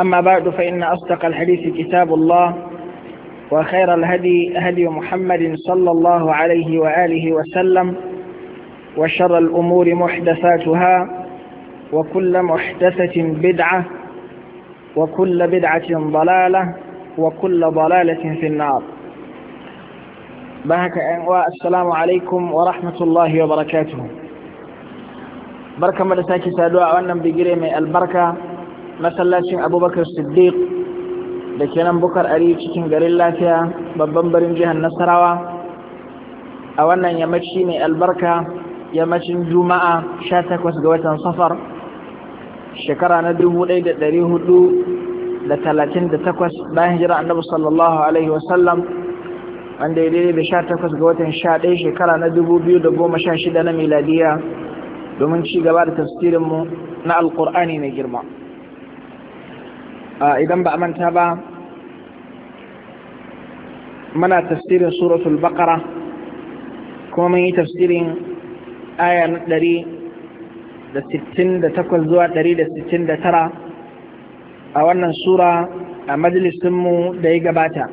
أما بعد فإن أصدق الحديث كتاب الله وخير الهدي هدي محمد صلى الله عليه وآله وسلم وشر الأمور محدثاتها وكل محدثة بدعة وكل بدعة ضلالة وكل ضلالة في النار بهك والسلام عليكم ورحمة الله وبركاته بركة مدساكي سادوا وأنا بجري من البركة masallacin abubakar siddiq da ke nan bukar ari cikin garin lafiya babban barin jihar nasarawa a wannan yammaci mai albarka yammacin juma'a 18 ga watan safar shekara na 1438 bayan hijira annabi sallallahu alaihi wasallam wanda ya daidai da 18 ga watan 11 shekara na 2016 na miladiya domin ci gaba da tafsirinmu na alkur'ani mai girma idan ba a manta ba mana tafsirin suratul baqara kuma mun yi tafsirin aya na ɗari da sittin da takwas zuwa ɗari da sittin da tara a wannan sura a majalisinmu da ya gabata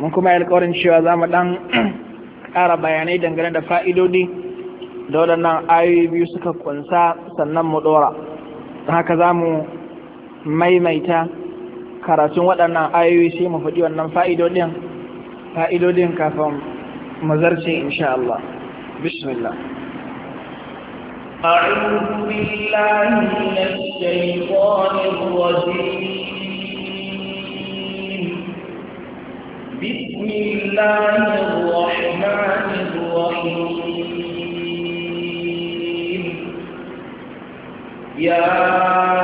mun kuma yi alkawarin cewa za mu ɗan ƙara bayanai dangane da fa'idodi da waɗannan ayoyi biyu suka kunsa sannan mu ɗora haka za mu maimaita karatun waɗannan ayoyi sai mu faɗi wannan fa'idodin fa'idodin kafin mazarce insha Allah bismillah أعوذ بسم الله الرحمن الرحيم يا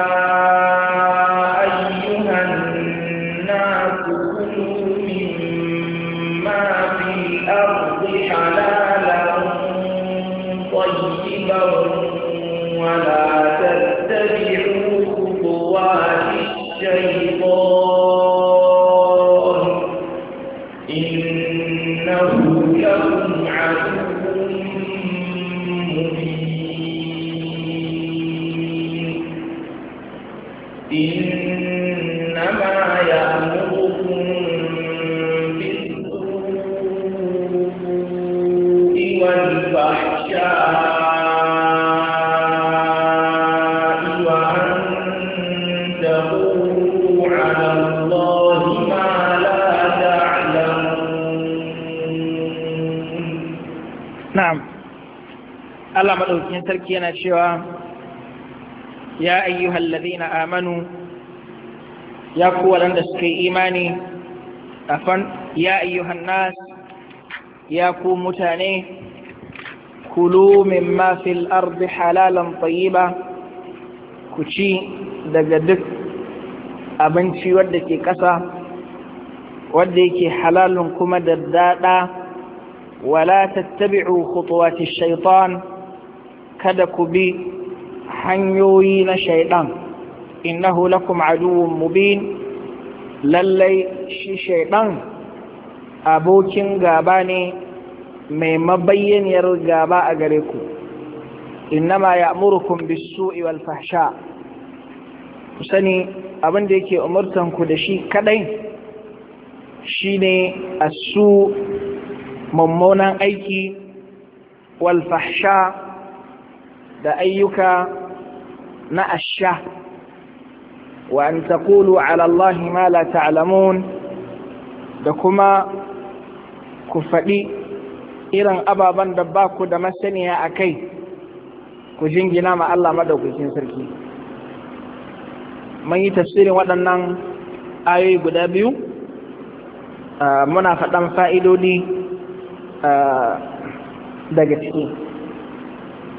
Allah maɗaukin sarki yana cewa ya ayyuhal ladina amanu ya ku waɗanda suka yi imani afan ya ayyuhan nas ya ku mutane kulu mimma fil ardi halalan tayyiba ku ci daga duk abinci wadda ke ƙasa wadda yake halalun kuma da daɗa wala tattabi'u khutuwati shaitan kada ku bi hanyoyi na shaidan innahu lakum aduwwun mubin lallai shi shaiɗan, abokin gaba ne mai mabayyaniyar gaba a gare ku innama ya bis bisu wal ku sani abin da yake umurtanku ku da shi kadai shine asu mummunan aiki walfahsha da ayyuka na asha wa an taqulu ala Allah ma la ta'lamun da kuma ku faɗi irin ababen da ba ku da masaniya a kai ku jingina ma Allah madaukakin sarki mun yi tafsirin waɗannan ayoyi guda biyu ah, muna faɗan fa'idodi ah, daga ciki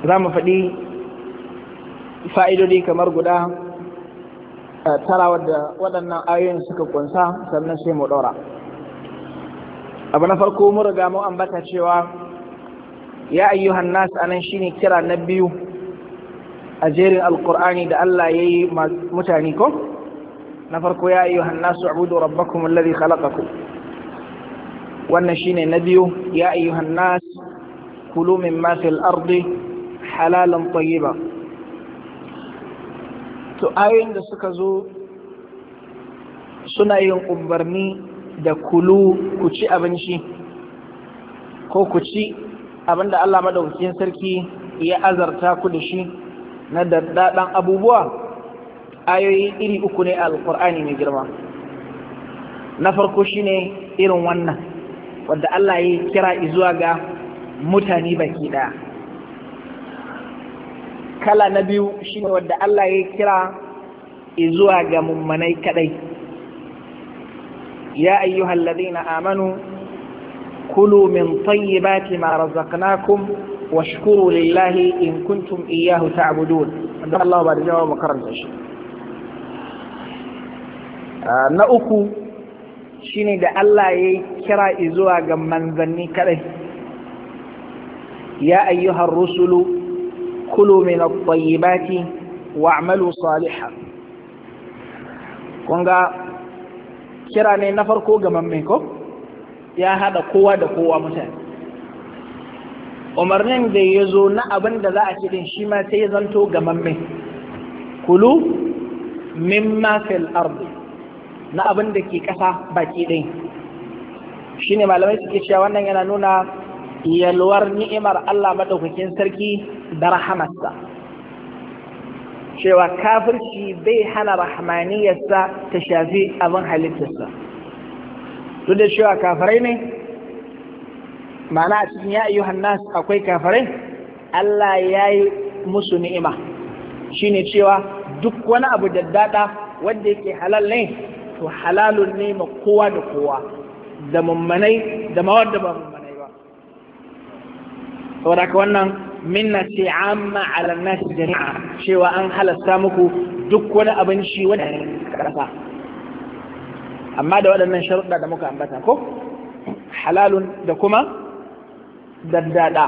za mu faɗi fa'idodi kamar guda eh, tara wadda waɗannan ayoyin suka ƙunsa, sannan sai mu ɗora abu na farko mu riga mu ambata cewa ya a nan shi ne kira na biyu a jerin alkur'ani da Allah ya yi mutane ko na farko ya ayyuhan nasu abudu rabbakum alladhi khalaqakum wannan shine na biyu ya ayyuhan nas kulu mimma fil ardi halalan tayyiba to ayoyin da suka zo suna yin umarni da kulu ku ci abinci ko ku ci abinda Allah madaukakin sarki ya azarta ku da shi na daddaɗan abubuwa ayoyi iri uku ne alkur'ani mai girma na farko shine irin wannan wadda Allah ya kira izuwa ga mutane baki ɗaya kala na biyu shine wadda Allah ya kira izuwa ga mummanai kadai ya ayyuhal ladina amanu kulu min tayyibati ma razaqnakum washkuru lillahi in kuntum iyyahu ta'budun dan Allah ba da makaranta shi ah, na uku shine da Allah ya kira izuwa ga manzanni kadai ya ayyuhar rusulu kulu min at-tayyibati a'malu salihan kun ga kira ne na farko ga mamme ko ya hada kowa da kowa mutane umarnin da ya zo na abin da za a ci din shi ma sai zanto ga mamme kulu mimma fil ardi na abin da ke kasa baki din shine malamai suke cewa wannan yana nuna yalwar ni'imar Allah maɗaukakin sarki da rahamarsa cewa kafirci bai hana rahmaniyarsa ta shafi abin halittarsa duk da cewa kafirai ne mana a cikin ya ayyuhan nas akwai kafirai Allah ya yi musu ni'ima shine cewa duk wani abu da daddada wanda yake halal ne to halalun ne ma kowa da kowa da mummanai da mawar da saboda haka wannan minna ce amma ala nas jami'a cewa an halasta muku duk wani abin shi wani karasa amma da waɗannan sharuɗa da muka ambata ko halalun da kuma daddada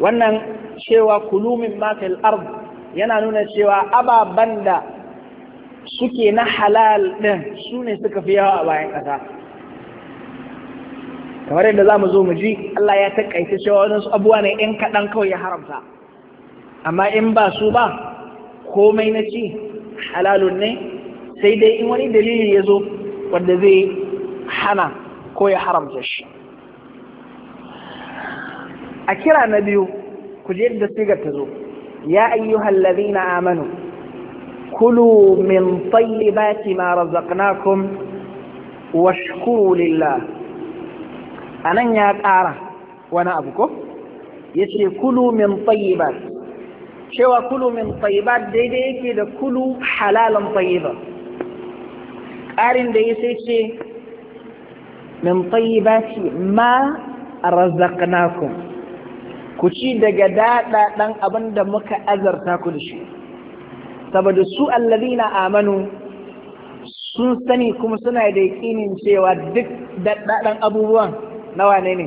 wannan cewa kulumin makil ard yana nuna cewa ababen da suke na halal ɗin su ne suka fi yawa a bayan ƙasa kamar yadda za mu zo mu ji Allah ya taƙaice cewa waɗansu abubuwa ne ‘yan kaɗan kawai ya haramta amma in ba su ba komai na ci halalun ne sai dai in wani dalili ya zo wanda zai hana ko ya haramta shi a kira na biyu ku je da sigar ta zo ya ayyuhal na amanu kulu min tayyibati ma razaqnakum washkuru lillah a nan ya ƙara wani abu ko ya ce kulu min tayyibat cewa kulu min tayyibat daidai yake da kulu halalan tayyibat ƙarin da ya sai ce min tayyibati ma razaqnakum ku ci daga daɗa ɗan abin da muka azarta ku da shi saboda su allazina amanu sun sani kuma suna da yakinin cewa duk daɗaɗan abubuwan nawa ne ne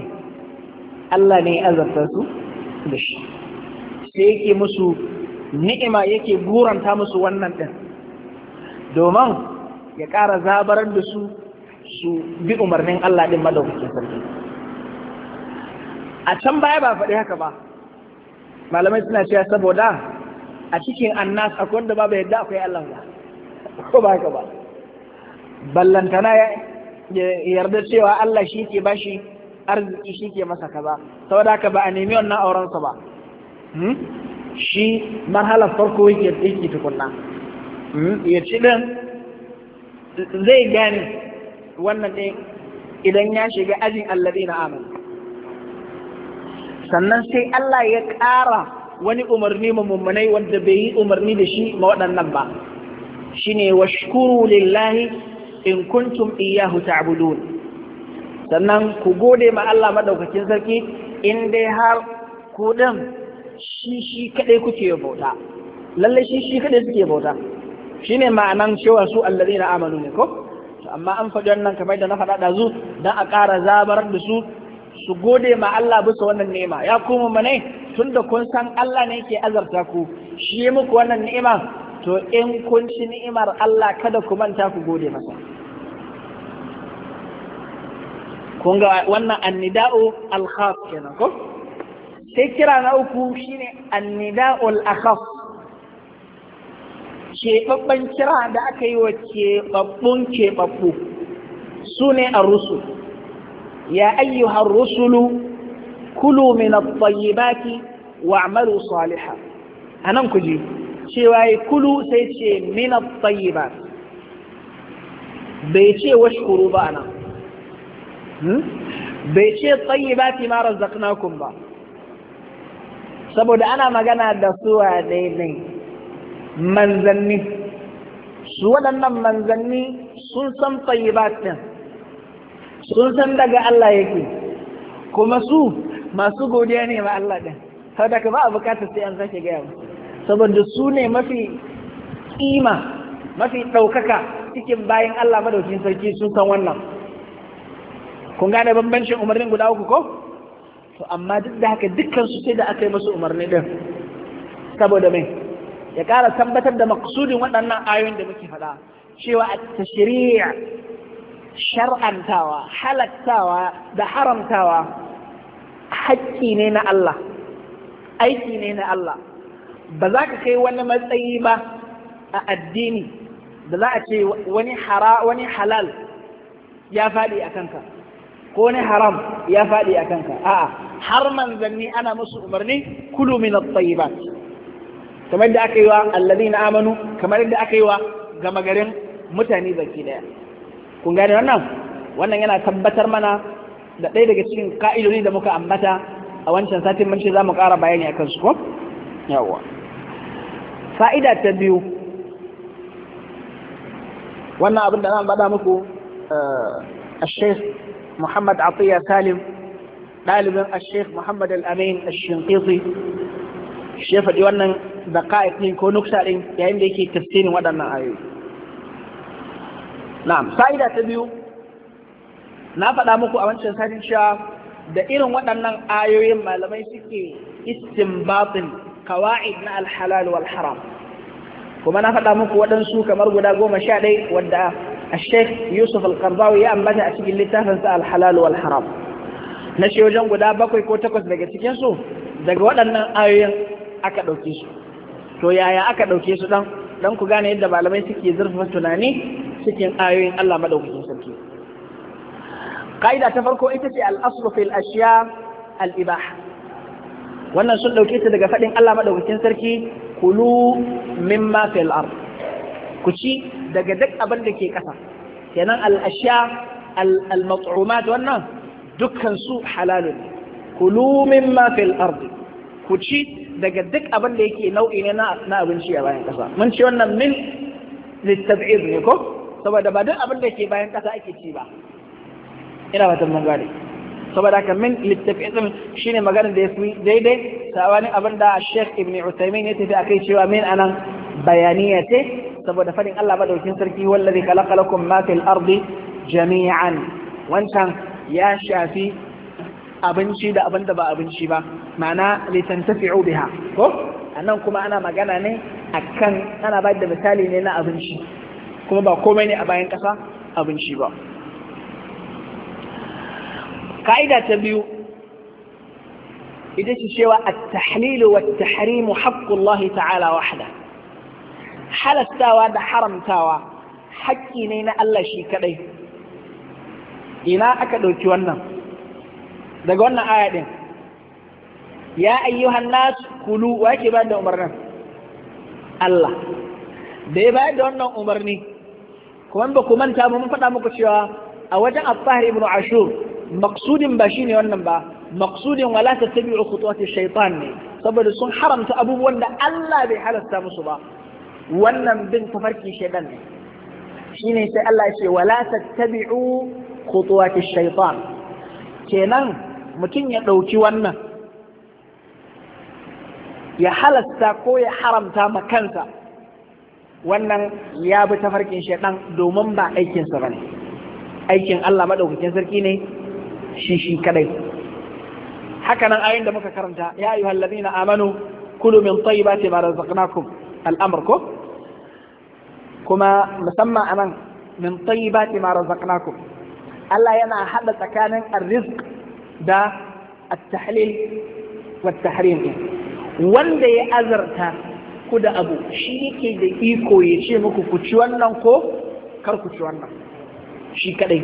Allah ne azarta su da shi sai yake musu ni'ima yake guranta musu wannan ɗin domin ya ƙara zabarar da su su bi umarnin Allah ɗin madaukakin sarki a can baya ba faɗi haka ba malamai suna cewa saboda a cikin annas akwai wanda ba bai yadda akwai Allah ba ko ba haka ba ballantana ya yarda cewa Allah shi ke bashi arziki shi ke masa kaza saboda haka ba a nemi wannan aurensa ba hmm? shi marhala farko yake yake tukunna hmm? ya ci ɗin zai gane wannan ɗin idan ya shiga ajin allabi na amin sannan sai Allah ya ƙara wani umarni mummunai wanda bai yi umarni da shi ma waɗannan ba shine washkuru lillahi in kuntum iyyahu ta'budun sannan ku gode ma Allah madaukakin sarki in dai har kuɗin din shi shi kadai kuke bauta lalle shi shi kadai suke bauta shine ma'anan cewa su allazina amanu ne ko to amma an faɗi wannan kamar da na faɗa da zu dan a ƙara zabar da su su gode ma Allah bisa wannan ni'ima ya kuma ne? tunda kun san Allah ne yake azarta ku shi muku wannan ni'ima to in kun ci ni'imar Allah kada ku manta ku gode masa kun ga wannan annida'u al-khas kenan ko sai kira na uku shine annida'u al ke babban kira da aka yi wa keɓaɓɓun keɓaɓɓu su ne a rusul ya ayyuhar rusulu kulu min at-tayyibati wa'malu salihan anan ku ji cewa yi kulu sai ce min at-tayyibat bai ce washkuru ba anan Hmm? bai ce tsayi ba fi mara ba saboda ana magana da suwa daidai manzanni su waɗannan manzanni sun san tsayi ba sun san daga Allah yake kuma su masu godiya ne ma Allah ɗin saboda ka ba a bukatar sai an sake gaya ba. saboda su ne mafi ƙima mafi ɗaukaka cikin bayan Allah madaukin sarki sun san wannan kun gane bambancin umarnin guda uku ko to amma duk da haka dukkan su sai da aka yi musu umarni din saboda mai ya ƙara tabbatar da maksudin waɗannan ayoyin da muke faɗa cewa a tashri'a shar'antawa halaktawa da haramtawa haƙƙi ne na Allah aiki ne na Allah ba za ka kai wani matsayi ba a addini da za a ce wani halal ya faɗi a kanka ko na haram ya faɗi a kanka a'a har manzanni ana musu umarni kulu min at-tayyibat kamar da aka yi wa alladhina amanu kamar da aka yi wa gama garin mutane baki daya kun gane wannan wannan yana tabbatar mana da ɗaya daga cikin ka'idodi da muka ambata a wancan satin mun ce za mu ƙara bayani akan su ko yawwa fa'ida ta biyu wannan abin da zan bada muku a eh, Muhammad Atiya Salim ɗalibin Sheikh Muhammad Al-Amin Al-Shinqiti shi faɗi wannan daqa'iq ko nuksa ɗin yayin da yake tafsirin waɗannan ayoyi na'am fa'ida ta biyu na faɗa muku a wancan satin cewa da irin waɗannan ayoyin malamai suke istinbatin kawa'id na alhalal wal kuma na faɗa muku waɗansu kamar guda goma sha ɗaya wadda الشيخ يوسف القرضاوي يا أنبتا أشيك اللي تهنس الحلال والحرام نشي وجن قدا بكوي كوتكوس دقا تكيسو دقا ودنا آيين أكا دوكيسو تو يا يا أكا دوكيسو دان dan ku gane yadda malamai suke zurfafa tunani cikin ayoyin Allah madaukakin sarki ka'ida ta farko ita ce al-aslu al-ibaha wannan sun ɗauke ta daga fadin Allah madaukakin sarki kulu mimma fil ard ku ci daga duk abin da ke ƙasa kenan al'asha al-mat'umat wannan dukkan su halalun kulu mimma fil ardi ku ci daga duk abin da yake nau'i ne na abinci a bayan ƙasa mun ci wannan min littabi'ir ne ko saboda ba duk abin da ke bayan ƙasa ake ci ba ina fatan mun gane saboda haka min littabi'ir shine magana da ya fi daidai sabanin abin da Sheikh Ibn Uthaymeen ya tafi akai cewa min anan bayaniya ce saboda fadin Allah madaukin sarki wallazi khalaqa lakum ma fil ardi jami'an wancan ya shafi abinci da abin da ba abinci ba ma'ana litantafi'u biha ko annan kuma ana magana ne akan ana ba da misali ne na abinci kuma ba komai ne a bayan kasa abinci ba ka'ida ta biyu ita ce cewa at-tahlilu wat-tahrimu haqqu Allah ta'ala wahda halastawa da haramtawa haƙƙi ne na Allah shi kaɗai ina aka ɗauki wannan daga wannan aya ɗin ya ayyuhan nas kulu wa ke bayar da umarnin Allah da ya bayar da wannan umarni kuma ba ku manta ba mun faɗa muku cewa a wajen Affahri ibn Ashur maksudin ba ne wannan ba maksudin wala tattabi'u khutuwati shaitan ne saboda sun haramta abubuwan da Allah bai halasta musu ba wannan bin tafarki shaitan ne shine sai Allah ya ce wala tattabi'u khutuwati shaitan kenan mutum ya ɗauki wannan ya halasta ko ya haramta ma kansa wannan ya bi tafarkin shaitan domin ba aikinsa ba ne aikin Allah maɗaukakin sarki ne shi shi kadai haka nan ayin da muka karanta ya ayyuhal na amanu kulu min tayyibati da razaqnakum al'amr ko kuma musamman anan min tayyibati ma razaqnakum Allah yana hada tsakanin arzik da at-tahlil wa tahrim wanda ya azarta ku da abu shi yake da iko ya ce muku ku ci wannan ko kar ku ci wannan shi kadai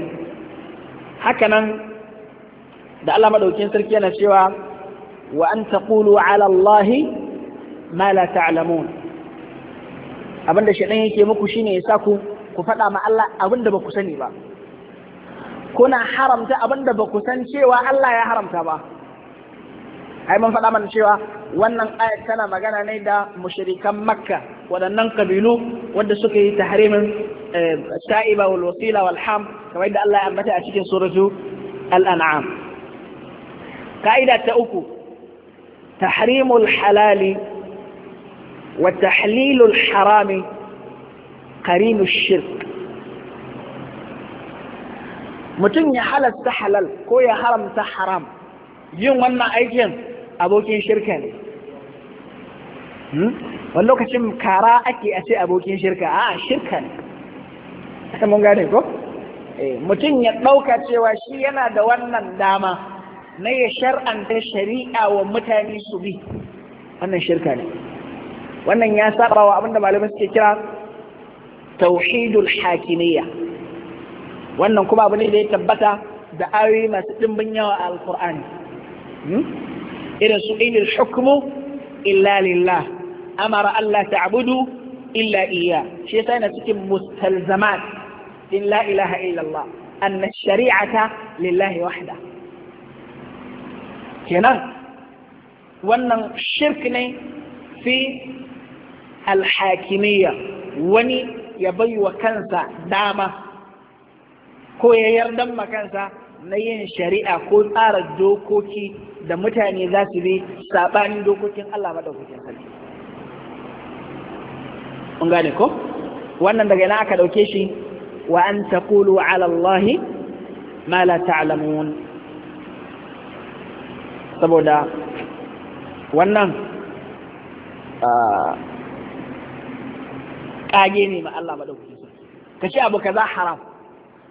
hakanan da Allah madaukin sarki yana cewa wa an taqulu ala Allah ma la ta'lamun abinda shaidan yake muku shine ya sa ku ku faɗa ma Allah abinda ba ku sani ba kuna haramta abinda ba ku san cewa Allah ya haramta ba ai mun faɗa mana cewa wannan ayat tana magana ne da mushrikan makka waɗannan kabilu wanda suka yi tahrimin eh, sa'iba wal wasila wal ham kamar yadda Allah ya ambata a cikin suratu al-an'am ka'ida ta uku tahrimul halali wa الحرام قرين الشرك متن mutum ya halasta halal ko ya haramta haram yin wannan aikin abokin shirka ne hmm? lokacin kara ake a ce abokin shirka a shirka ne mun gane ko eh, mutum ya ɗauka cewa shi yana da wannan dama na ya shar'anta shari'a wa mutane su bi wannan shirka ne wannan ya saba wa abinda malamai suke kira tauhidul hakimiyya wannan kuma abu ne da ya tabbata da ayoyi masu dimbin yawa a alkur'ani hmm? irin su inil hukmu illa lillah amara Allah ta'budu illa iya shi yasa yana cikin mustalzamat in la ilaha illallah anna shari'ata lillahi wahda kenan wannan shirk ne fi alhakimiyya wani ya bai wa kansa dama ko ya yardan makansa na yin shari'a ko tsara dokoki da mutane za su bi saɓanin dokokin Allah maɗaukakin sarki. Mun gane ko? Wannan daga yana aka ɗauke shi wa an taqulu ala Allahi ma la ta'lamun. Saboda wannan ah, kage ne ma Allah madaukakin sarki ka ce abu kaza haram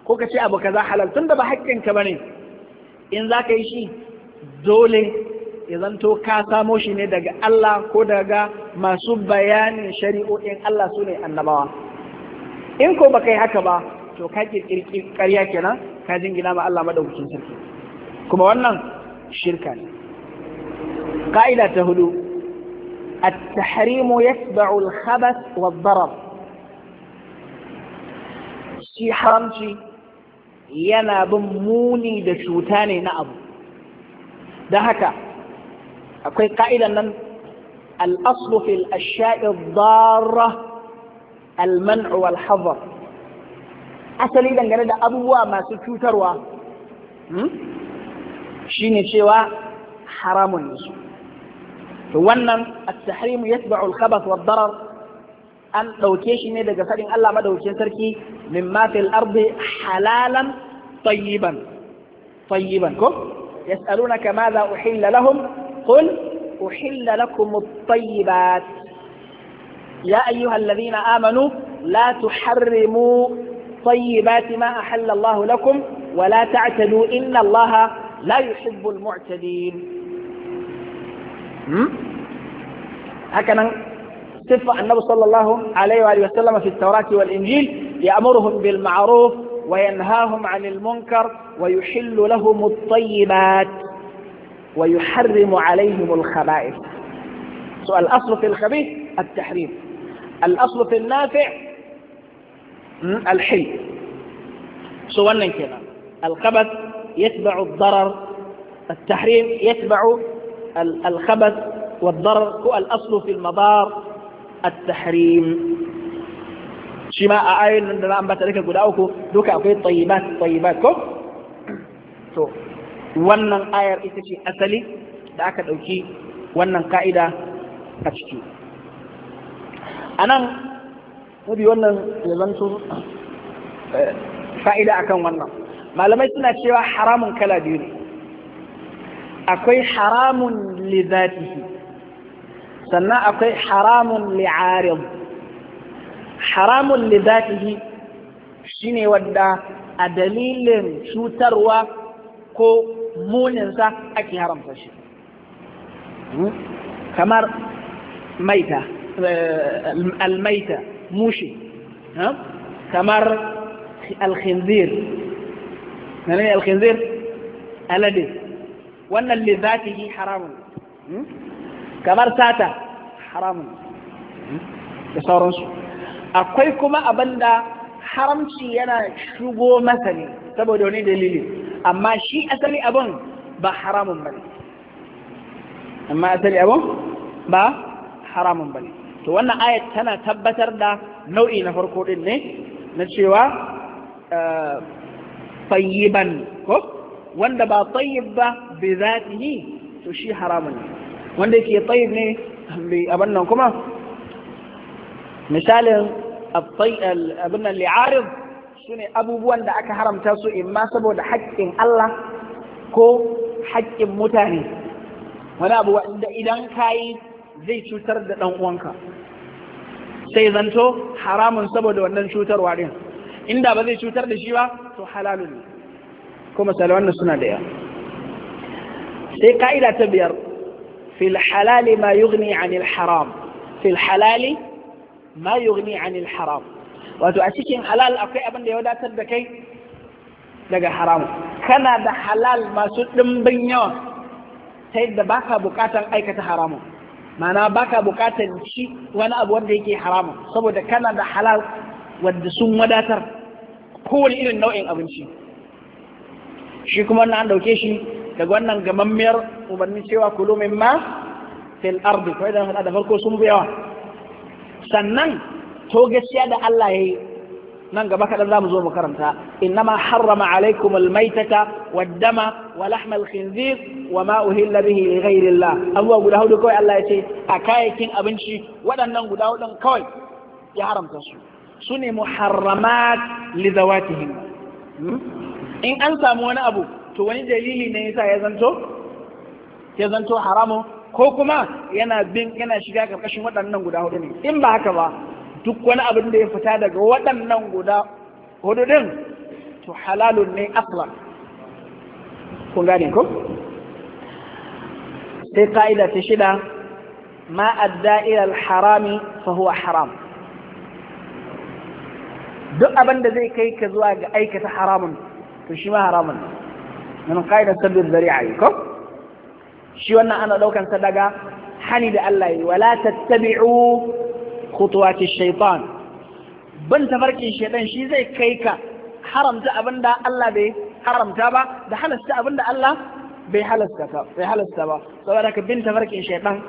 ko ka ce abu kaza halal tun da ba haƙƙin ka bane in za ka yi shi dole ya zanto ka samo shi ne daga Allah ko daga masu bayanin shari'o'in Allah su ne annabawa in ko ba ka yi haka ba to ka kirkiri ƙarya kenan ka jingina ma Allah madaukakin sarki kuma wannan shirka ne ka'ida ta hudu التحريم يتبع الخبث والضرر shi haramci yana bin muni da cuta ne na abu don haka akwai ka'idan nan al'aslu fil asha'i dara al-man'u wal hazar asali dangane da abubuwa masu cutarwa hmm, shine cewa haramun yi? to wannan at-tahrim mu al-khabath wad-darar an ɗauke shi ne daga faɗin Allah madaukakin sarki min mafil ardi halalan tayyiban tayyiban ko yas'alunaka madha uhilla lahum qul uhilla lakum at-tayyibat ya ayyuha alladhina amanu la tuharrimu طيبات ما أحل الله لكم ولا تعتدوا إن الله لا يحب المعتدين هكذا صفة النبي صلى الله عليه وآله وسلم في التوراة والإنجيل يأمرهم بالمعروف وينهاهم عن المنكر ويحل لهم الطيبات ويحرم عليهم الخبائث الأصل في الخبيث التحريم الأصل في النافع الحل سؤالنا كذا الخبث يتبع الضرر التحريم يتبع الخبث والضرر هو الأصل في المضار at-tahrim shi a ayoyin nan da na ambata duka guda uku duka akwai tayyibat tayyibat ko to wannan ayar ita ce asali da aka ɗauki wannan ka'ida a ciki a nan mabi wannan ya fa'ida akan wannan malamai suna cewa haramun kala biyu ne akwai haramun lizatihi sannan akwai haramun li'arim haramun li zatihi shine wadda a dalilin cutarwa ko muninsa ake haramta shi hmm? kamar maita eh, almaita mushi hmm? kamar alkhinzir menene alkhinzir alade wannan li zatihi haramun hmm? kamar sata haramun da sauransu akwai kuma abinda haramci yana shigo masa ne saboda wani dalili amma shi asali abin ba haramun ba amma asali abin ba haramun ba to wannan ayat tana tabbatar da nau'i na farko din ne na cewa eh, tayyiban ko wanda ba fa'yi ba bai zaɗi to shi haramun ne wanda yake tsayi ne bi abin nan kuma misalin abin nan li'arif su ne abubuwan da aka haramta su ma saboda haƙƙin Allah ko haƙƙin mutane wani abu da idan ka yi zai cutar da ɗan'uwanka sai zanto haramun saboda wannan cutarwa din inda ba zai cutar da shi ba to halalun ne kuma salawan suna da yawa sai ka'ida ta biyar Filhalali halali ma yughni anil haram fil halali ma yughni anil haram wato a cikin halal akwai abin da ya wadatar da kai daga haram kana da halal masu ɗimbin yawa ta yadda baka bukatar aikata haramun ma'ana baka bukatar ci wani abu wanda yake haramun saboda kana da halal wadda sun wadatar kowane irin nau'in abinci shi kuma na an ɗauke shi daga wannan gamammiyar umarni cewa kulumin min ma fil ardi ko idan da farko sun bi yawa sannan to gaskiya da Allah yayi nan gaba kadan zamu zo mu karanta innama harrama alaikum almaitata waddama wa lahma alkhinzir wa ma uhilla bihi li ghayri Allah abuwa guda hudu kawai Allah ya ce a kayayyakin abinci waɗannan guda hudun kawai ya haramta su su ne muharramat li zawatihim hmm? in an samu wani abu to wani dalili ne yasa ya zanto ya zanto haramu ko kuma yana bin yana shiga karkashin waɗannan guda hudu ne in ba haka ba duk wani abin da ya fita daga waɗannan guda hudu din to halalun ne aslan kun gane ko sai ka'ida ta shida ma adda ila harami fa huwa haram duk abin da zai kai ka zuwa ga aikata haramun to shi ma haramun ne nan ƙa'idar sabbin zari'a yi ko shi wannan ana ɗaukan sa daga hani da Allah yi wala tattabi'u khutuwati shaitan ban tafarkin shaitan shi zai kai ka haramta abin da Allah bai haramta ba da halasta abin da Allah bai halasta ba bai halasta ba saboda ka bin tafarkin shaitan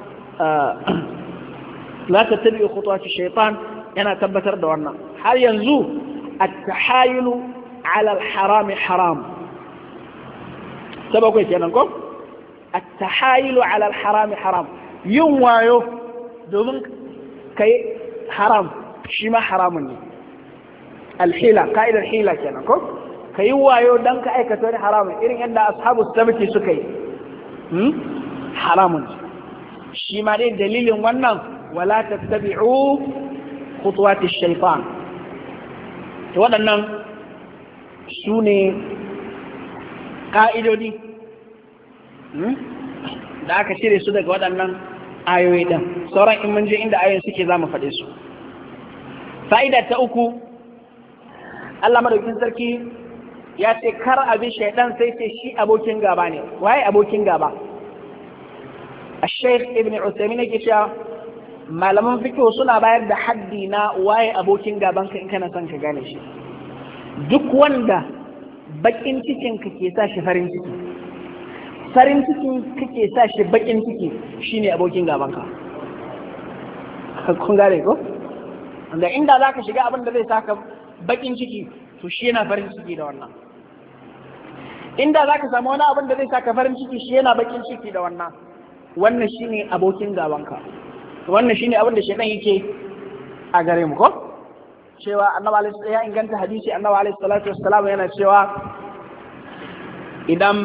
la tattabi'u khutuwati shaitan yana tabbatar da wannan har yanzu at-tahayulu ala al-harami haram ta bakwai kenan ko at-tahayilu ala al-haram haram yin wayo domin kai haram shi ma haramun ne al-hila ka'idar hila kenan ko kai wayo dan ka aikata wani haramun irin yadda ashabu sabiti suka yi hmm? haramun shi ma dai dalilin wannan wala tattabi'u khutuwati shaytan to waɗannan su ne ƙa'idodi hmm, da aka cire su daga waɗannan ayoyi ɗin sauran in mun inda ayoyin suke za mu faɗe su fa'ida ta uku Allah madaukin sarki ya ce kar abin shaidan sai ce shi abokin gaba ne waye abokin gaba a sheikh ibn usaimin yake cewa malaman fikiyo suna bayar da haddi na waye abokin gaban ka in kana son ka gane shi duk wanda bakin cikin ka ke sa shi farin ciki farin cikin ka ke sa shi bakin ciki shine abokin gaban ka kun gane ko da inda za ka shiga abin da zai saka bakin ciki to shi yana farin ciki da wannan inda za ka samu wani abin da zai saka farin ciki shi yana bakin ciki da wannan wannan shine abokin gabanka wannan shine abin da shaitan yake a gare mu ko cewa annabi ya inganta hadisi annabi alayhi salatu wassalam yana cewa idan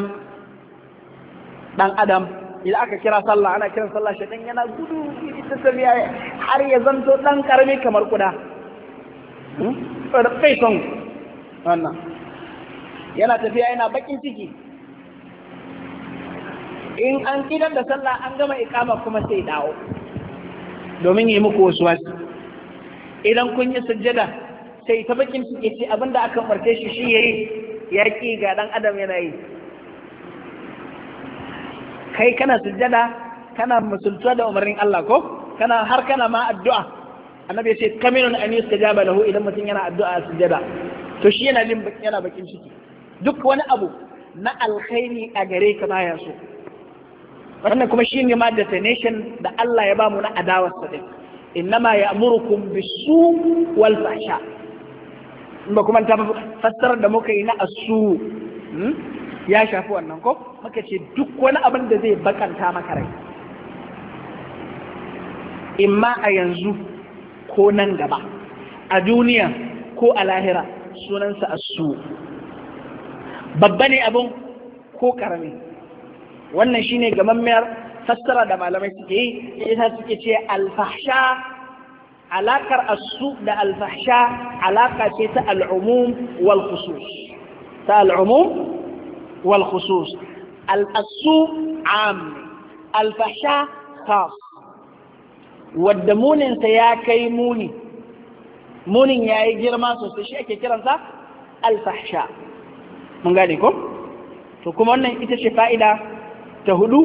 dan adam idan aka kira sallah ana kiran sallah dan yana gudu ta tafiya har ya zanto dan karami kamar kuda kai hmm? son wannan yana tafiya yana bakin ciki in an kidan da sallah an gama ikama kuma sai dawo domin yi muku wasu wasu idan kun yi sujjada sai ta bakin ciki ce abinda aka umarce shi shi yayi ya ki ga dan adam yana yi kai kana sujjada kana musultuwa da umarnin Allah ko kana har kana ma addu'a annabi sai kaminun an sujjada lahu idan mutum yana addu'a a sujjada to shi yana yana bakin ciki duk wani abu na alkhairi a gare ka baya so wannan kuma shine ma destination da Allah ya bamu na adawarsa din innama ya'murukum bisu wal fahsha ba kuma ta fassarar da muka yi na asu ya shafi wannan ko muka ce duk wani abin da zai bakanta maka rai imma a yanzu ko nan gaba a duniya ko a lahira sunansa asu babba ne abin ko karami wannan shine gamammiyar fassara da malamai suke yi ita suke ce alfahsha alakar asu da alfahsha alaka ce ta al'umum wal khusus ta al'umum wal khusus asu am alfahsha khas wadda muninsa ya kai muni munin yayi yi girma sosai shi ake kiransa alfahsha mun gane ko to kuma wannan ita ce fa'ida ta hudu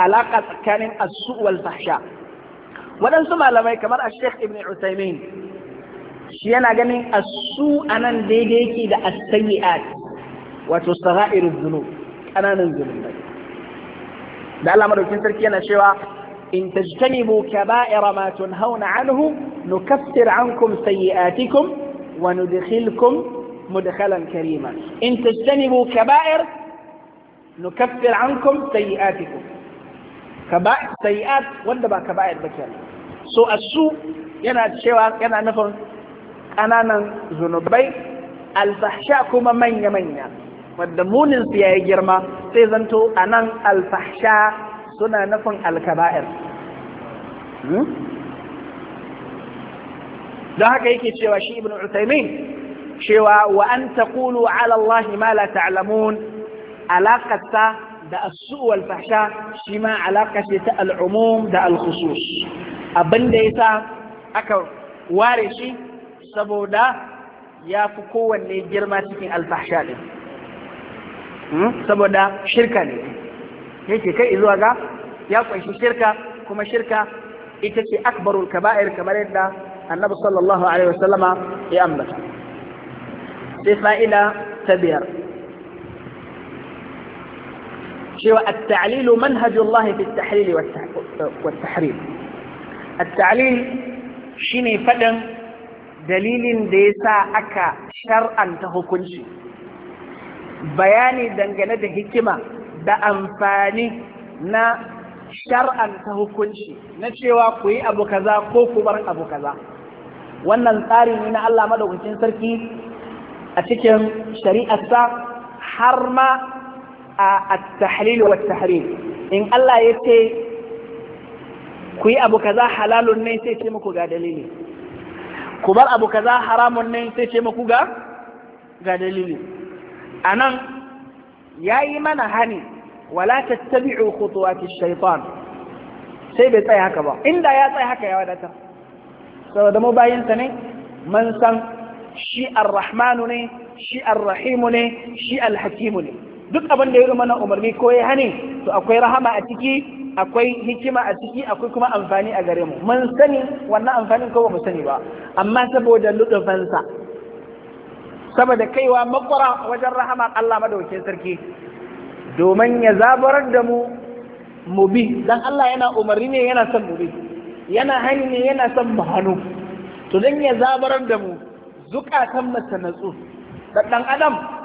alaƙa tsakanin asu wal fahsha waɗansu malamai kamar a sheikh ibn usaimin shi yana ganin asu a nan daidai yake da asayi'at wato sara'irin zunub ƙananan zunubai da Allah madaukin sarki yana cewa in tajtanibu kaba'ira ma tunhauna anhu nukaffir ankum sayyi'atikum wa nudkhilkum mudkhalan karima in tajtanibu kaba'ir nukaffir ankum sayyi'atikum kaba'ir sayi'at wanda ba ka ba kenan so asu yana cewa yana nufin ƙananan zunubai alfahsha kuma manya-manya wadda munin su yayi girma sai zanto nan alfahsha suna nufin alkaba'ir hmm? don haka yake cewa shi ibn Uthaymin cewa wa an taqulu ala Allah ma la ta'lamun da asu wal fahsha shi ma alaka ce ta al'umum da al-khusus abin da yasa aka ware shi saboda ya fi kowanne girma cikin al-fahsha din hmm? saboda shirka ne yake kai zuwa ga ya kunshi shirka kuma shirka ita ce akbarul kaba'ir kamar yadda annabi sallallahu alaihi wasallama ya ambata sai fa'ida ta biyar cewa at-ta'lilu manhajullah fi at-tahlil wa tahrim at-ta'lil shine faɗin dalilin da yasa aka shar'anta hukunci bayani dangane da hikima da amfani na shar'anta hukunci na cewa ku yi abu kaza ko ku bar abu kaza wannan tsari ne na Allah madaukakin sarki a cikin shari'arsa har ma a tahlil wa tahrim in Allah ya ce ku yi abu kaza halalun ne sai ce muku ga dalili ku bar abu kaza haramun ne sai ce muku ga ga dalili anan yayi mana hani wala tattabi'u khutuwati shaytan sai bai tsaya haka ba inda ya tsaya haka ya wadata saboda mu bayinsa ne man san shi ar ne shi ar-rahimu ne shi al-hakimu ne duk abin da ya mana umarni ko ya hani to akwai rahama a ciki akwai hikima a ciki akwai kuma amfani a gare mu mun sani wannan amfanin ko ba mu sani ba amma saboda lutufansa saboda kaiwa makwara wajen rahama Allah madaukakin sarki domin ya zabarar da mu mu bi dan Allah yana umarni ne yana son mu bi yana hani ne yana son mu hannu to dan ya zabarar da mu zukatan mu ta natsu dan adam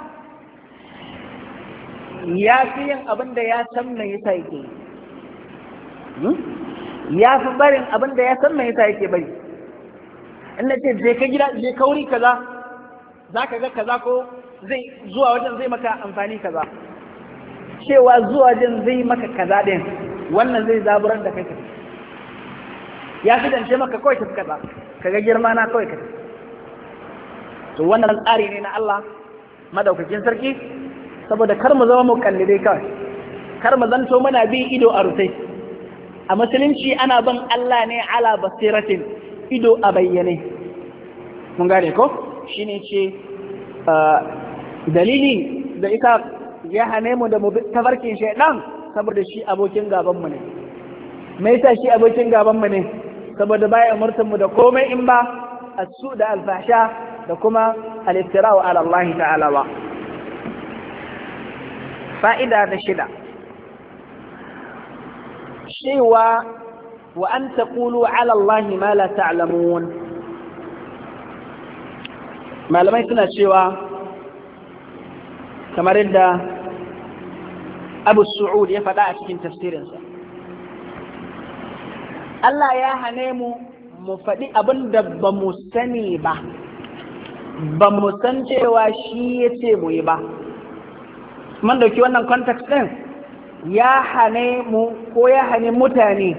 ya fi yin abin da ya san me yasa yake yi hmm? ya fi barin abin da ya san mai yasa yake bari in na ce je ka gida je kauri kaza za ka ga kaza ko zai zuwa wajen zai maka amfani kaza cewa zuwa wajen zai maka kaza din wannan zai zaburar da kai ya fi dance maka kawai ka kaza ka ga girma na kawai ka to wannan tsari ne na Allah madaukakin sarki saboda kar mu zama mu kallide kawai kar mu zanto muna bi ido a rufe a musulunci ana ban Allah ne ala basiratin ido a bayyane mun gane ko shine ce uh, dalili da ita ya hane mu da mu tafarkin shaidan saboda shi abokin gaban mu ne me yasa shi abokin gaban mu ne saboda baya umurtan mu da komai in ba su da alfasha da kuma al-iftira'u ala Allah ta'ala ba fa'ida na shida cewa wa an ta ala Allah ma la wani. malamai suna cewa kamar yadda Abu Su'ud ya faɗa a cikin tafsirinsa Allah ya hane mu mu faɗi abin da ba mu sani ba ba mu san cewa shi ya ce mu yi ba man dauki wannan context ɗin ya hane mu ko ya hane mutane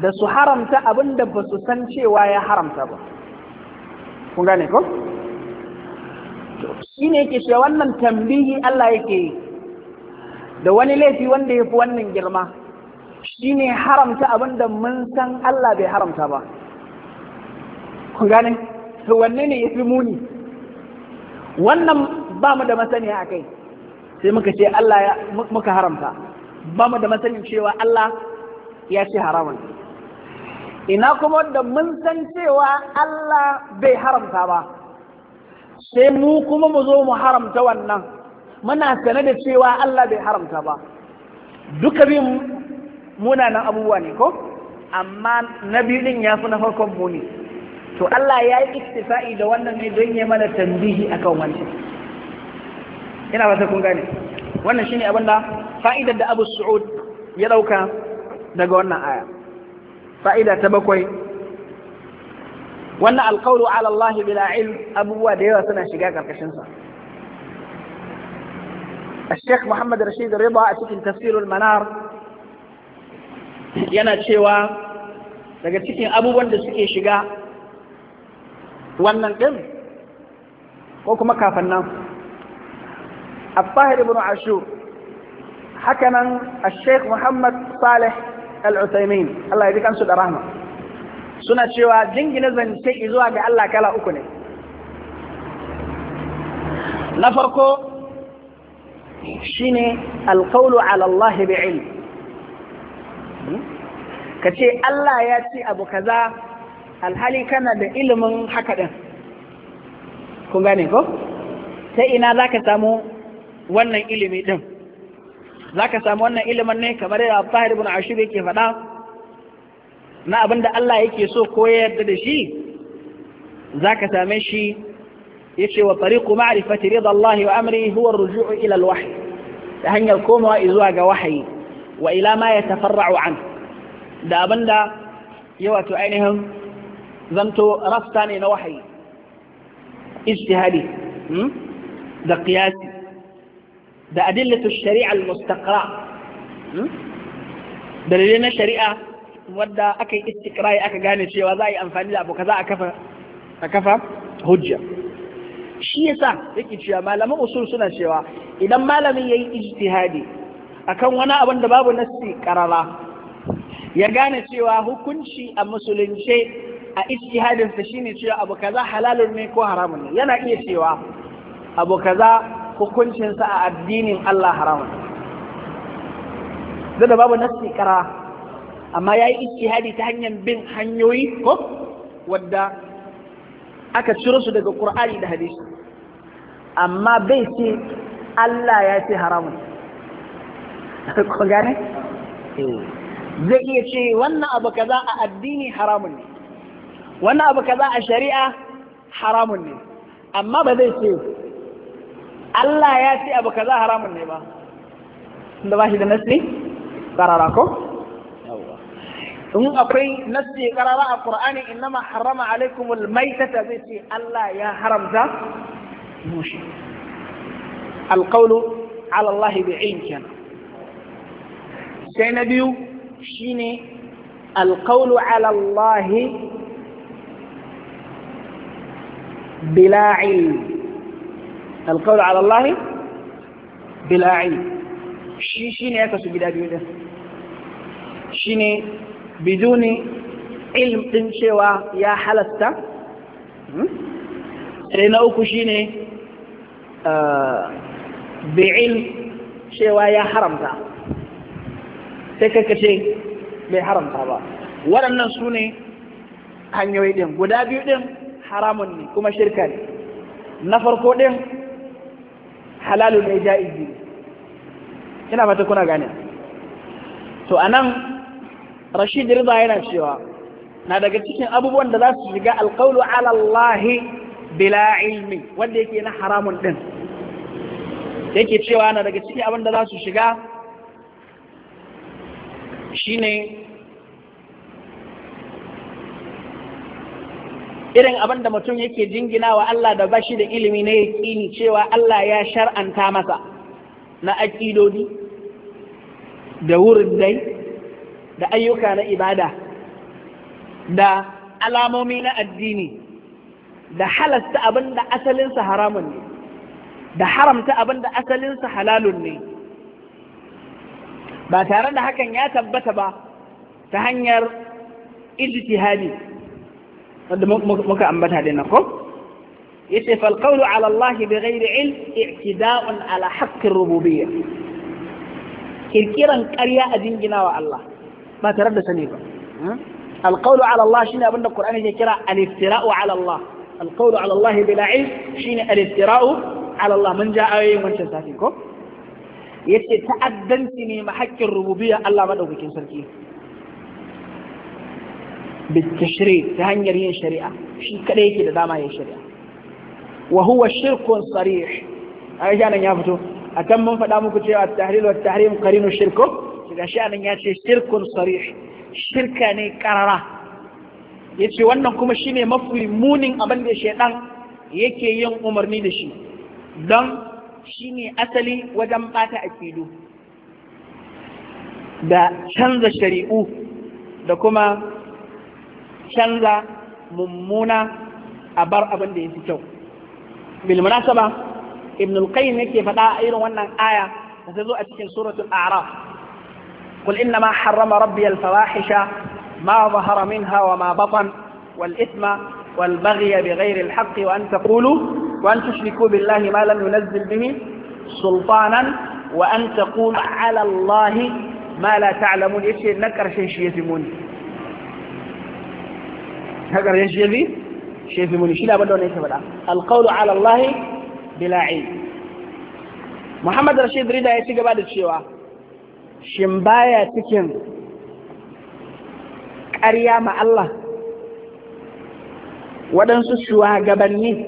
da su haramta abin da ba su san cewa ya haramta ba kun gane ko shi ne yake shi wannan tambayi Allah yake yi da wani laifi wanda ya fi wannan girma shi ne haramta abin da mun san Allah bai haramta ba kun gane to wanne ne ya fi muni wannan ba mu da masaniya a kai sai muka ce Allah ya muka haramta ba mu da masanin cewa Allah ya ce haramun ina kuma da mun san cewa Allah bai haramta ba sai mu kuma mu zo mu haramta wannan muna sane da cewa Allah bai haramta ba duka bin munanan abubuwa ne ko amma na biyu din ya fi na farkon muni to Allah ya yi istifa'i da wannan ne don ya mana tambihi akan wancan ina ba kun gane wannan shine abin da fa'idar da Abu Su'ud ya dauka daga wannan aya fa'ida ta bakwai wannan alqawlu ala Allah bila ilm abubuwa da yawa suna shiga karkashin sa muhammad rashid رشيد a cikin تفسير manar yana cewa daga cikin abubuwan da suke shiga wannan din ko kuma kafin nan الطاهر بن عاشور حكما الشيخ محمد صالح العثيمين الله يديك أنسو رحمه suna cewa jingina zance zuwa ga Allah kala uku ne na shine alqawlu ala Allah bi ilm kace Allah ya ce abu kaza alhali kana da ilimin haka kun gane ko sai ina zaka samu wannan ilimi din zaka samu wannan ilimin ne kamar yadda Tahir ibn Ashir yake faɗa na abinda Allah yake so ko ya yarda da shi zaka same shi ce wa tariqu ma'rifati ridha Allah wa amri huwa rujuu ila al ta hanyar komawa zuwa ga wahayi wa ila ma yatafarra'u an da abinda ya wato ainihin zanto rasta ne na wahayi ijtihadi hmm, da qiyasi da adillatu shari'a al-mustaqra hmm? dalilai na shari'a wadda aka yi istiqra'i aka gane cewa za a yi amfani da abu kaza a kafa a kafa hujja shi yasa yake cewa malaman usul suna cewa idan malamin yayi ijtihadi akan wani abin da babu nassi karara ya gane cewa hukunci a musulunce a ijtihadinsa shine cewa abu kaza halalun ne ko haramun ne yana iya cewa abu kaza hukuncinsa a addinin Allah haramun zai da babu nasi kara amma ya yi hadi ta hanyar bin hanyoyi ko wadda aka ciro su daga Kur'ani da hadisi amma bai ce Allah ya ce haramun ko gane? zai iya ce wannan abu kaza a addini haramun ne wannan abu kaza a shari'a haramun ne amma ba zai ce Allah ya ce abu kaza haramun ne ba da ba shi da nasi karara ko in akwai nasi karara a qur'ani innama harrama alaikumul maitata zai ce Allah ya haramta mushi alqawlu ala Allah bi kenan sai na biyu shine alqawlu ala Allah bila ilm alƙawar alallahi bil'a'i shi shi ne ya kasu gida biyu din shi ne biduni ilm ɗin cewa ya halatta sai na uku shi ne bi'ilm cewa ya haramta sai kakace bai haramta ba waɗannan su hanyoyi ɗin guda biyu ɗin haramun ne kuma shirka ne na farko ɗin halalun ne ja'izi ina fata kuna gane to anan rashid rida yana cewa na daga cikin abubuwan da za su shiga alƙaulu alallahi bila ilmi wanda yake na haramun din yake cewa na daga cikin abin da za su shiga shine irin abin da mutum yake jingina wa Allah da bashi da ilimi na yaƙini cewa Allah ya shar'anta masa na aƙidodi da wurin dai da ayyuka na ibada da alamomi na addini da halasta abin da asalinsa haramun ne da haramta abin da asalinsa halalun ne ba tare da hakan ya tabbata ba ta hanyar ijtihadi wanda muka ambata din ko yace fal qawlu ala Allah bi ghairi ilm i'tida'un ala haqq ar-rububiyyah kirkiran ƙarya a jingina wa Allah ba tare da sani ba hmm? alqawlu ala Allah shine abinda Qur'ani ya kira al-iftira'u ala Allah alqawlu ala Allah bila ilm shine al-iftira'u ala Allah Man ja ayoyin wancan safi ko yace ta'addanci ne ma haƙƙin rububiyya Allah madaukakin sarki bitashri ta hanyar yin shari'a shi kada yake da dama yin shari'a wa huwa shirkun sarih nan ya fito a kan mun faɗa muku cewa at-tahlil wa at-tahrim qarinu shirku daga shi nan ya ce shirkun sarih shirka ne karara yace wannan kuma shine mafi munin abinda da shedan yake yin umarni da shi don shine asali wajen bata akidu da canza shari'u da kuma canza mummuna a bar abin da ya fi kyau bil munasaba ibn al-qayyim yake fada irin wannan aya da ta zo a cikin suratul a'raf قل إنما حرم ربي الفواحش ما ظهر منها وما بطن والإثم والبغي بغير الحق وأن تقولوا وأن تشركوا بالله ما لم ينزل به سلطانا وأن تقولوا على الله ما لا تعلمون إيش نكر شيء يزمون kagar ƙarshen shi yafi shi muni shi labar da wani yake faɗa alƙawlu ala Allah bila Muhammad Rashid Rida ya ci gaba da cewa shin baya cikin ƙarya ma Allah waɗansu shugabanni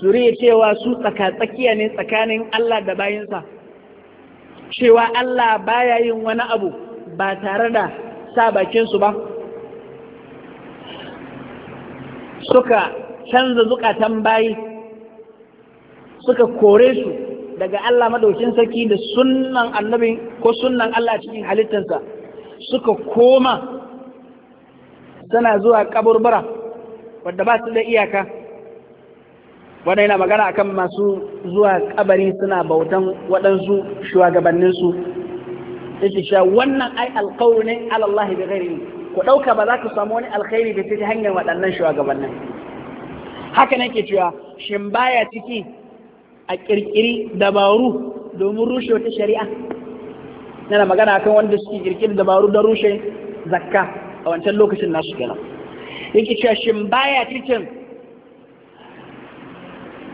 su riye cewa su tsakatsakiya ne tsakanin Allah da bayinsa cewa Allah baya yin wani abu ba tare da sa bakinsu ba suka canza zukatan bayi suka kore su daga Allah madaukin sarki da sunnan annabi ko sunnan Allah cikin halittarsa suka koma suna zuwa kaburbura wadda ba su da iyaka wadda yana magana akan masu zuwa kabari suna bautan waɗansu shugabanninsu ita sha wannan ai alƙawar ne alallahi da gari ku ɗauka ba za ku samu wani alkhairi da ta hanyar waɗannan shugabannin haka nake cewa shin baya ciki a ƙirƙiri dabaru domin rushe wata shari'a nana magana akan wanda suke ƙirƙiri dabaru don rushe zakka a wancan lokacin nasu kenan yake cewa shin baya cikin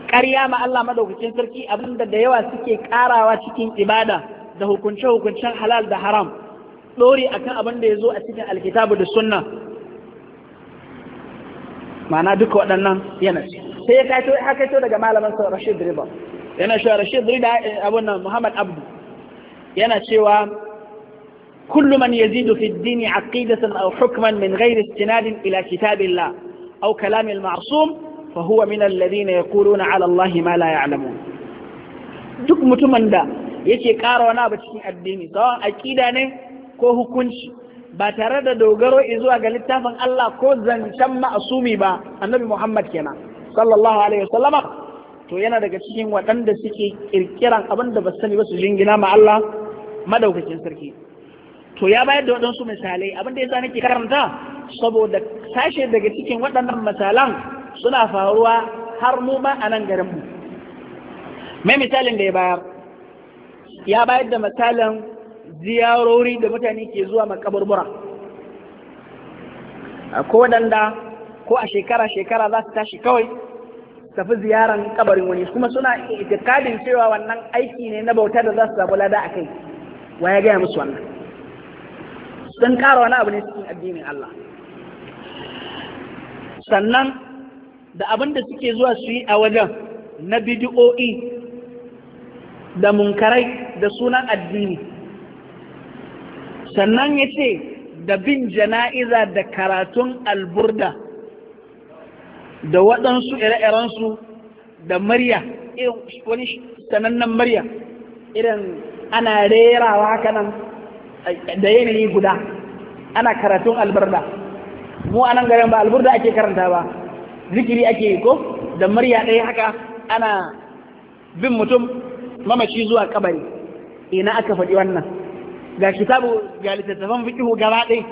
ƙarya ma Allah madaukakin sarki abinda da yawa suke ƙarawa cikin ibada da hukunce-hukuncen halal da haram ɗori a kan abin da ya zo a cikin alkitabu da sunna mana duka waɗannan yana sai ya kaito haka to daga malaman sa Rashid Riba yana cewa Rashid Riba eh, abun nan Muhammad Abdu yana cewa kullu man yazidu fi ad-din aqidatan aw hukman min ghairi istinad ila kitabillah aw ma'asum fa huwa فهو من ya يقولون على الله ma لا يعلمون duk mutumin da yake ƙara wani abu cikin addini tsawon aƙida ne ko hukunci ba tare da dogaro zuwa ga littafin Allah ko zancen ma'asumi ba annabi Muhammad kenan sallallahu alaihi wasallama to yana daga cikin waɗanda suke kirkiran abin da ba sani ba su jingina ma Allah madaukakin sarki to ya bayar da waɗansu misalai abin da ya nake karanta saboda sashe daga cikin waɗannan misalan suna faruwa har mu ma a nan garinmu mai misalin da ya bayar ya bayar da misalin ziyarori da mutane ke zuwa a ko waɗanda ko a shekara-shekara za su tashi kawai tafi ziyaran kabarin wani kuma suna itikadin cewa wannan aiki ne na bauta da za su samu lada a kai wa gaya musu wannan sun ƙara wani abu ne cikin addinin Allah sannan da abin da suke zuwa su yi a wajen na bidiyo'i da munkarai da sunan addini sannan ya ce da bin jana'iza da karatun alburda da waɗansu ire-irensu da murya eh, wani sanannen murya irin ana rerawa haka da yanayi guda ana karatun alburda mu a nan garin ba alburda ake karanta ba zikiri ake ko da murya ɗaya haka ana bin mutum mamaci zuwa kabari ina aka faɗi wannan ga kitabu ga littattafan fiqhu gaba ɗai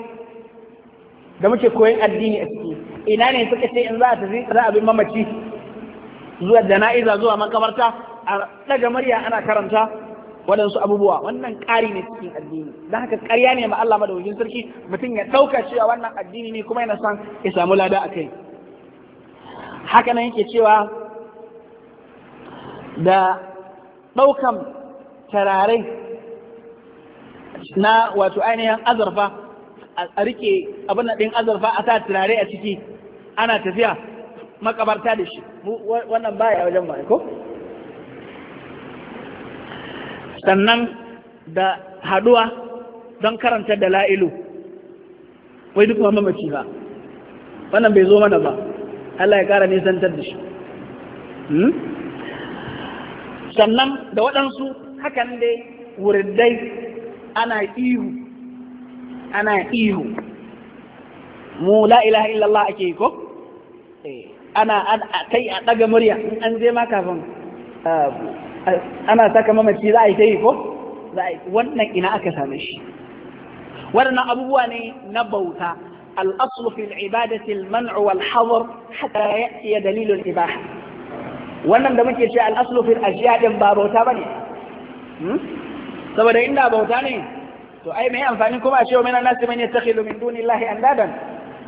da muke koyon addini a ciki ina ne suka ce in za a tafi za a bi mamaci zuwa jana'iza zuwa makabarta a daga murya ana karanta waɗansu abubuwa wannan ƙari ne cikin addini don haka ƙarya ne ma Allah madawajin sarki mutum ya ɗauka cewa wannan addini ne kuma yana son ya samu lada a kai haka nan yake cewa da ɗaukan tarare na wato ainihin azurfa a rike abin ɗin azurfa a sa turare a ciki ana tafiya makabarta da shi wannan baya wajen ba ko sannan da haduwa don karanta da la'ilu wai duk wani mamaci ba wannan bai zo mana ba Allah ya kara nisantar da shi hmm? sannan da waɗansu hakan dai wuridai ana ihu ana ihu mu la ilaha illallah ake yi ko eh, ana kai a daga murya in an je ma kafin eh, ana saka mamaci za a yi ta yi ko wannan ina aka same shi waɗannan abubuwa ne na bauta al'aslu fil ibadati al-man'u wal hadar hatta ya'ti dalilul ibaha wannan da muke ce al'aslu fil ajiya din ba bauta bane hmm? saboda inda bauta ne to ai mai amfani kuma a cewa minan nasu man yattakhidu min an dadan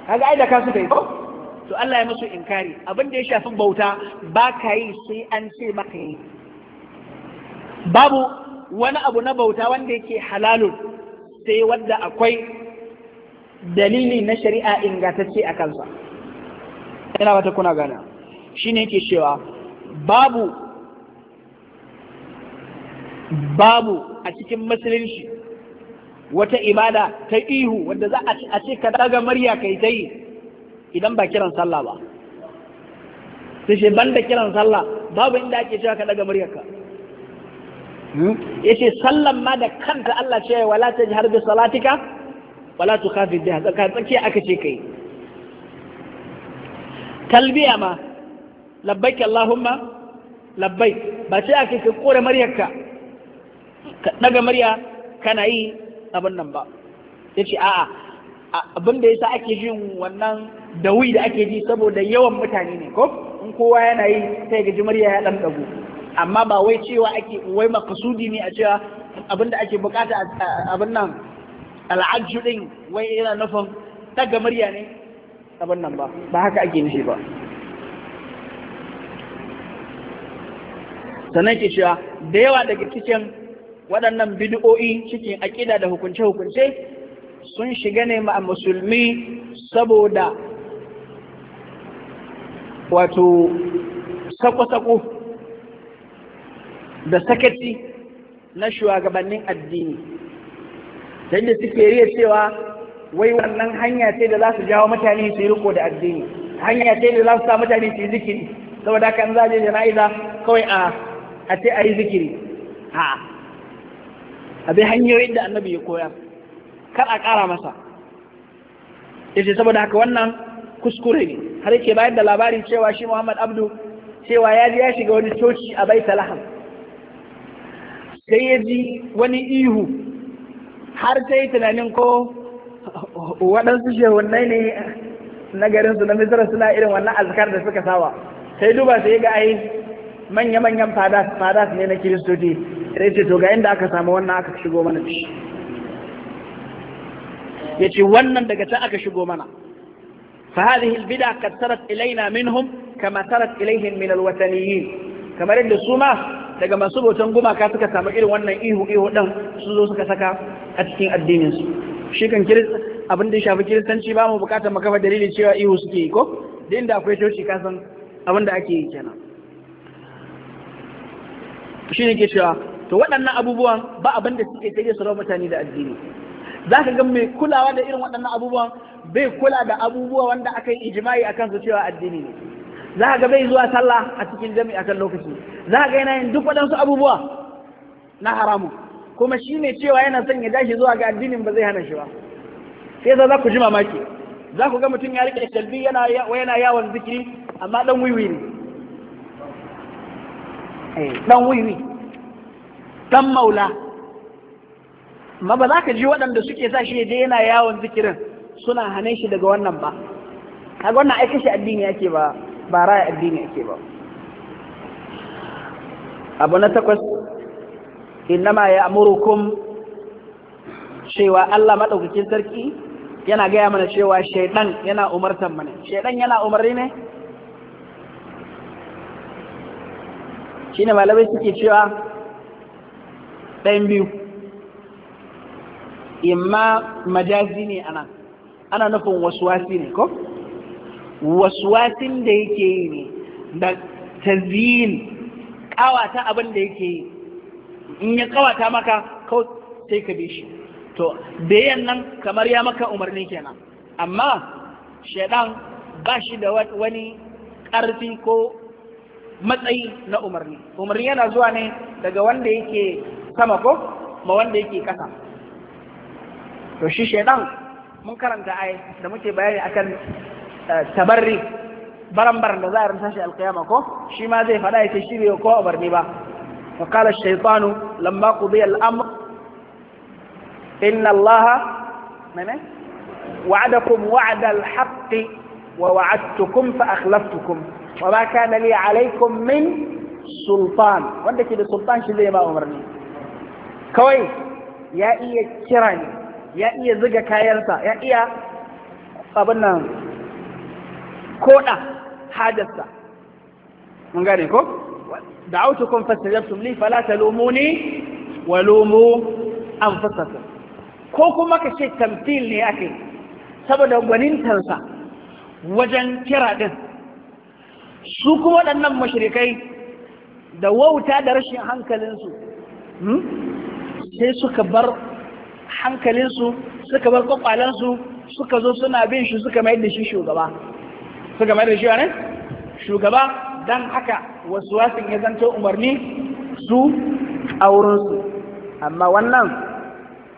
kaga ai da kasu yi ko to Allah ya musu inkari abin da ya shafi bauta ba ka yi sai an ce maka yi babu wani abu na bauta wanda yake halalun sai wadda akwai dalili na shari'a ingantacce a kansa ina wata kuna gana shine yake cewa babu babu a cikin musulunci wata ibada ta ihu wanda za a ce ka daga murya kai ta yi idan ba kiran sallah ba sai shi banda kiran sallah babu inda ake cewa ka daga hmm? Ya ce sallan ma da kanta Allah ce wala tajhar bi salatika wala tukhafid biha ka tsakiya aka ce kai talbiya ma labbaik allahumma labbaik ba ce ake ka kore muryarka ka ɗaga murya kana yi abin nan ba ya ce a'a abin da yasa ake jin wannan da dawi da ake ji saboda yawan mutane ne ko in kowa yana yi sai ga ji murya ya ɗan ɗago amma ba wai cewa ake wai makasudi ne a cewa abin da ake bukata abin nan al'ajju din wai yana nufin ɗaga murya ne abin nan ba ba haka ake nufi ba sannan ke cewa da yawa daga cikin waɗannan bid'o'i cikin aƙida da hukunce-hukunce sun shiga ne ma musulmi saboda wato sako-sako da saketi na shugabannin addini don da suke riya cewa wai wannan hanya ce da za su jawo mutane su yi riko da addini hanya ce da za su sa mutane su yi zikiri saboda kan zaje jana'iza kawai a ce a yi zikiri a hanyoyin da annabi ya koyar kar a ƙara masa yace saboda haka wannan kuskure ne har yake bayar da labari cewa shi Muhammad Abdu cewa ya ji ya shiga wani coci a bai Laham sai ya ji wani ihu har ta yi tunanin ko waɗansu shehunai ne na garinsu na misira suna irin wannan azkar da suka sawa sai duba sai ga ai manya-manyan fadas ne na kiristoci sai ce to ga inda aka samu wannan aka shigo mana da shi ya ce wannan daga ta aka shigo mana فهذه kad قد ilaina minhum kama كما ilaihim min alwataniyin kamar inda su ma daga masu bautan gumaka suka samu irin wannan ihu ihu din su zo suka saka a cikin addinin su shi kan abin da ya shafi kiristanci ba mu bukatar mu kafa dalili cewa ihu suke yi ko da inda akwai toshi ka san abin da ake yi kenan shi ne ke cewa to waɗannan abubuwan ba abin da suke sai su rawa mutane da addini za ka ga mai kulawa da irin waɗannan abubuwan bai kula da abubuwa wanda aka yi ijimai a kansu cewa addini ne za ka ga bai zuwa sallah a cikin jami'a kan lokaci za ka ga yana yin duk waɗansu abubuwa na haramu kuma shi ne cewa yana son ya dashi zuwa ga addinin ba zai hana shi ba sai za ku ji mamaki za ku ga mutum ya riƙe shalbi yana yana yawon zikiri amma ɗan wiwi ne eh, ɗan wiwi ɗan maula ma ba za ka ji waɗanda suke sa shi je yana yawon zikirin suna hane shi daga wannan ba kaga wannan aikin shi addini ake ba ba raya addini ake ba abu na takwas innama ya amurukum cewa Allah maɗaukakin sarki yana gaya mana cewa shaidan yana umartan mana shaidan yana umarni ne ne malamai suke cewa ɗayan biyu imma majazi ne ana ana nufin wasuwasi ne ko wasuwasin da yake yi ne da taziyin kawata abin da yake yi in ya kawata maka kawai sai ka bi shi to bayan nan kamar ya maka umarni kenan amma shaidan ba shi da wani ƙarfi ko matsayi na umarni umarni yana zuwa ne daga wanda yake sama ko ma wanda yake kasa to shi shaidan mun karanta ai da muke bayani akan tabarri barambar da za a rinta shi alkiyama ko shi ma zai faɗa yake shi bai ko barni ba wa qala ash-shaytanu lamma qudiya al-amr inna allaha mana wa'adakum wa'da al-haqqi wa wa'adtukum fa akhlaftukum wa ma kana li alaykum min sultan wanda ke da sultan shi zai ba umarni kawai ya iya kira ne ya iya ziga kayansa ya iya abin nan koda hajarsa. mun gane ko da'autukum fastajabtum li fala talumuni wa an anfusakum ko kuma ka ce tamthil ne ake saboda gwanintarsa wajen kira din su kuma waɗannan mashirikai da wauta da rashin hankalinsu hmm? sai suka bar hankalinsu suka bar kwakwalensu suka zo suna bin shi suka mai da shi shugaba suka mai da shi ne shugaba don haka wasu wasan ya zanto umarni su a wurinsu amma wannan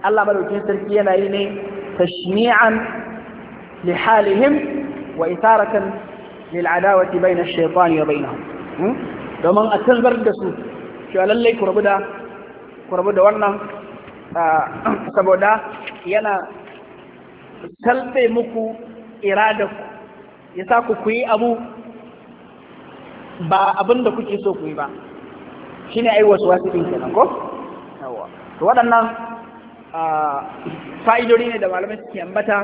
Allah madaukin sarki yana yi ne tashmi'an li halihim wa itaratan lil adawati bayna ash-shaytani hmm? domin a canzar da su cewa lallai ku rabu da kurabu da wannan saboda yana salfe muku irada ya sa ku kuyi abu ba abin da kuke so kuyi ba shi ne aiwasu wasu ɗin kenan ko? to waɗannan fa'idori ne da malamai suke ambata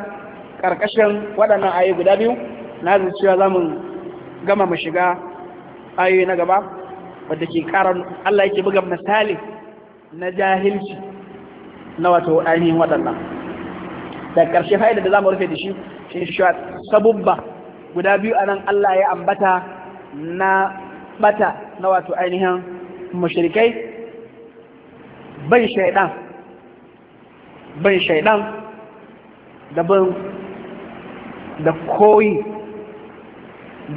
ƙarƙashin waɗannan ayoyi guda biyu na zuciya za mu gama mu shiga ayoyi na gaba wadda ke ƙarar Allah yake buga misali na jahilci na wato ainihin waɗannan da ƙarshe fa'ida da za mu rufe da shi shi shi sabubba guda biyu a nan Allah ya ambata na ɓata na wato ainihin mushrikai ban shaidan ban shaidan da ban da koyi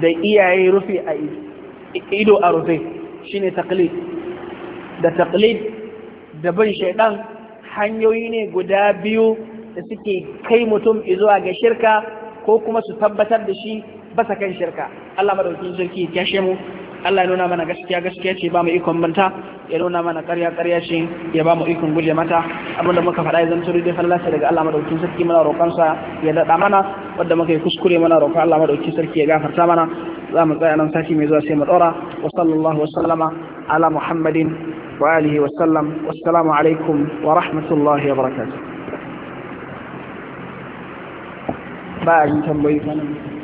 da iyaye rufe a ido a rufe shine taqlid da taqlid da bin shaidan hanyoyi ne guda biyu da suke kai mutum zuwa ga shirka ko kuma su tabbatar da shi basa kan shirka Allah madaukin sarki ya kyashe mu Allah ya nuna mana gaskiya gaskiya ce ba mu ikon banta ya nuna mana ƙarya ƙarya ce ya ba mu ikon guje mata abinda muka faɗa ya zanto dai fallace daga Allah madaukin sarki mana roƙonsa ya daɗa mana wanda muka yi kuskure mana roƙon Allah madaukin sarki ya gafarta mana za mu tsaya nan sati mai zuwa sai mu ɗora wa sallallahu wa sallama ala muhammadin وآله وسلم والسلام عليكم ورحمة الله وبركاته بعد تنبيه